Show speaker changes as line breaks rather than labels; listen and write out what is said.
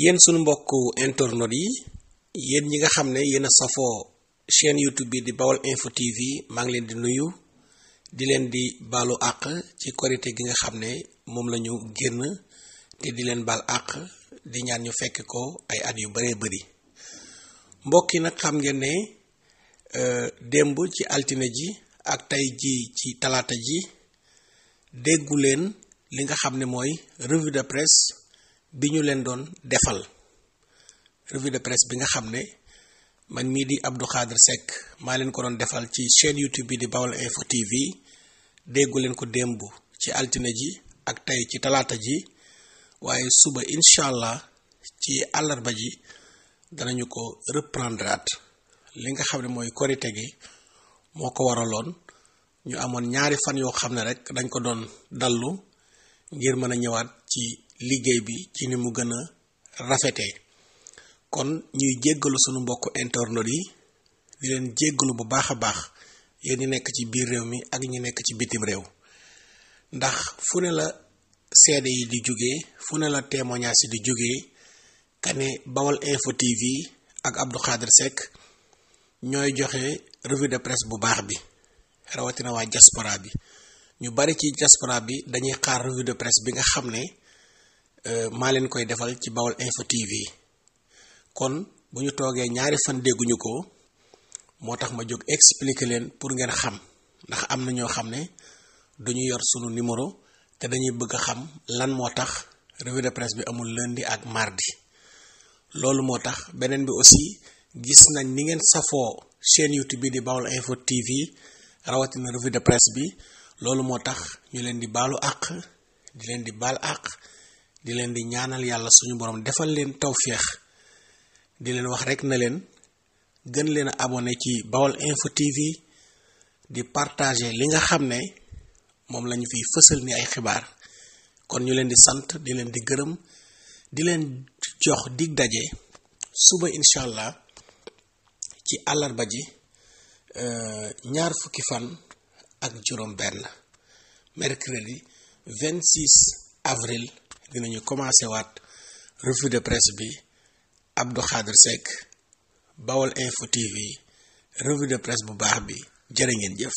yéen sunu mbokk internet yi yéen ñi nga xam ne yéen a safoo chaîne YouTube bi di Baol Info TV maa ngi leen di nuyu di leen di baalu àq ci korite gi nga xam ne moom lañu génn te di leen baal àq di ñaan ñu fekk ko ay at yu baree bëri mbokk yi nag xam ngeen ne euh, démb ci altine ji ak tey ji ci talaata ji déggu leen li nga xam ne mooy revue de presse bi ñu leen doon defal revue de presse bi nga xam ne man mii di Abdou Khadre Seck maa leen ko doon defal ci chaîne YouTube bi di Baol Info TV déggu leen ko démb ci altine ji ak tey ci talaata ji waaye suba incha allah ci àllarba ji danañu ko reprendre at li nga xam ne mooy korite gi moo ko waraloon ñu amoon ñaari fan yoo xam ne rek dañ ko doon dallu ngir mën a ñëwaat ci liggéey bi ci ni mu gën a rafetee kon ñuy jéggalu sunu mbokk internautes yi di leen jéggalu bu baax a baax yéen ñi nekk ci biir réew mi ak ñu nekk ci bitim réew ndax fu ne la seede yi di jóge fu ne la témoignage yi di jóge kane Bawal Info TV ak Abdou Khadre Seck ñooy joxe revue de presse bu baax bi rawatina waa jaspora bi ñu bari ci jaspora bi dañuy xaar revue de presse bi nga xam ne Euh, maa leen koy defal ci Baol Info TV kon bu ñu toogee ñaari fan dégguñu ko moo tax ma jóg expliquer leen pour ngeen xam ndax am na ñoo xam ne duñu yor sunu numéro te dañuy bëgg a xam lan moo tax revue de presse bi amul lundi ak mardi loolu moo tax beneen bi aussi gis nañ ni ngeen safoo chaîne YouTube bi di Baol Info TV rawatina revue de presse bi loolu moo tax ñu leen di baalu àq di leen di baal àq di leen di ñaanal yàlla suñu borom defal leen tawféex di leen wax rek na leen gën leen a abonné ci Baol Info TV di partager li nga xam ne moom lañu fiy fësal ni ay xibaar kon ñu leen di sant di leen di gërëm di leen jox dig daje suba incha allah ci àllarba ji euh, ñaar fukki fan ak juróom benn mercredi 26 avril dinañu commencé waat revu de presse bi Abdou Khadre Seck Bawol Info TV revue de presse bu baax bi jërë ngeen jëf